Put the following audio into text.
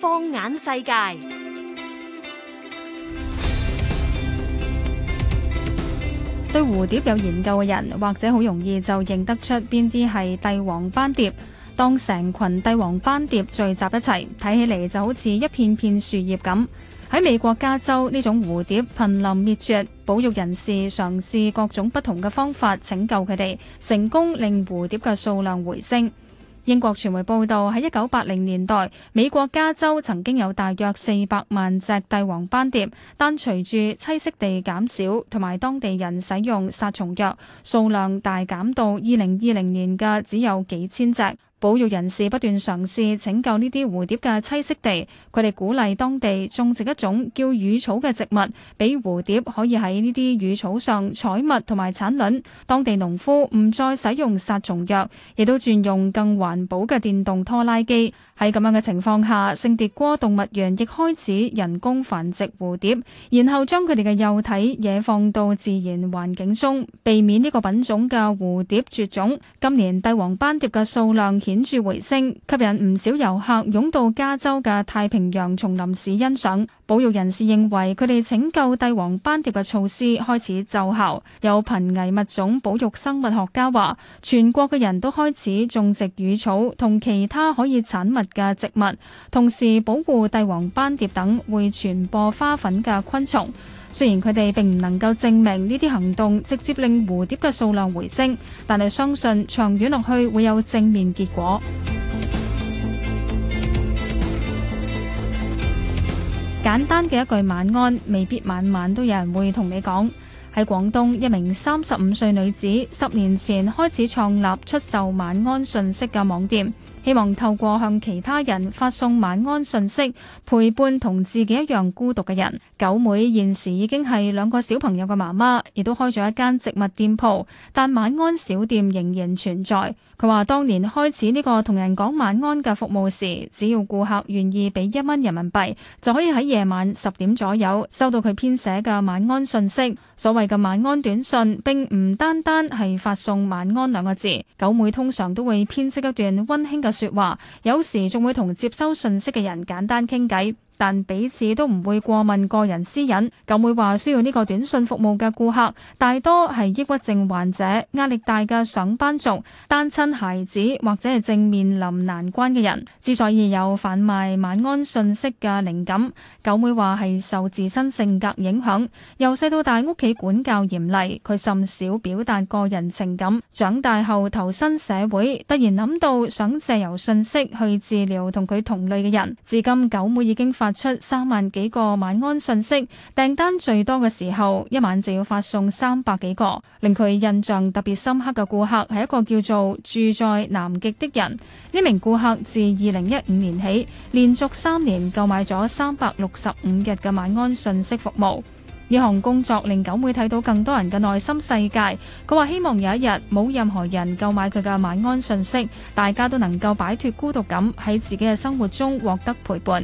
放眼世界，對蝴蝶有研究嘅人，或者好容易就認得出邊啲係帝王斑蝶。當成群帝王斑蝶聚集一齊，睇起嚟就好似一片片樹葉咁。喺美國加州，呢種蝴蝶瀕臨滅絕，保育人士嘗試各種不同嘅方法拯救佢哋，成功令蝴蝶嘅數量回升。英國傳媒報道，喺一九八零年代，美國加州曾經有大約四百萬隻帝王斑蝶，但隨住棲息地減少同埋當地人使用殺蟲藥，數量大減到二零二零年嘅只有幾千隻。保育人士不斷嘗試拯救呢啲蝴蝶嘅棲息地。佢哋鼓勵當地種植一種叫乳草嘅植物，俾蝴蝶可以喺呢啲乳草上採蜜同埋產卵。當地農夫唔再使用殺蟲藥，亦都轉用更環保嘅電動拖拉機。喺咁樣嘅情況下，聖迭戈動物園亦開始人工繁殖蝴蝶，然後將佢哋嘅幼體野放到自然環境中，避免呢個品種嘅蝴蝶絕種。今年帝王斑蝶嘅數量顯著回升，吸引唔少遊客湧到加州嘅太平洋松林市欣賞。保育人士認為，佢哋拯救帝王斑蝶嘅措施開始奏效。有瀕危物種保育生物學家話，全國嘅人都開始種植乳草同其他可以產物嘅植物，同時保護帝王斑蝶等會傳播花粉嘅昆蟲。雖然佢哋並唔能夠證明呢啲行動直接令蝴蝶嘅數量回升，但係相信長遠落去會有正面結果。簡單嘅一句晚安，未必晚晚都有人會同你講。喺廣東，一名三十五歲女子十年前開始創立出售晚安信息嘅網店。希望透過向其他人發送晚安信息，陪伴同自己一樣孤獨嘅人。九妹現時已經係兩個小朋友嘅媽媽，亦都開咗一間植物店鋪，但晚安小店仍然存在。佢話當年開始呢個同人講晚安嘅服務時，只要顧客願意俾一蚊人民幣，就可以喺夜晚十點左右收到佢編寫嘅晚安信息。所謂嘅晚安短信並唔單單係發送晚安兩個字，九妹通常都會編織一段温馨嘅說話，有時仲會同接收信息嘅人簡單傾偈。但彼此都唔會過問個人私隱。九妹話需要呢個短信服務嘅顧客，大多係抑鬱症患者、壓力大嘅上班族、單親孩子或者係正面臨難關嘅人。之所以有販賣晚安信息嘅靈感，九妹話係受自身性格影響。由細到大屋企管教嚴厲，佢甚少表達個人情感。長大後投身社會，突然諗到想借由信息去治療同佢同類嘅人。至今九妹已經發出三萬幾個晚安信息，訂單最多嘅時候，一晚就要發送三百幾個。令佢印象特別深刻嘅顧客係一個叫做住在南極的人。呢名顧客自二零一五年起連續三年購買咗三百六十五日嘅晚安信息服務。呢項工作令九妹睇到更多人嘅內心世界。佢話希望有一日冇任何人購買佢嘅晚安信息，大家都能夠擺脱孤獨感，喺自己嘅生活中獲得陪伴。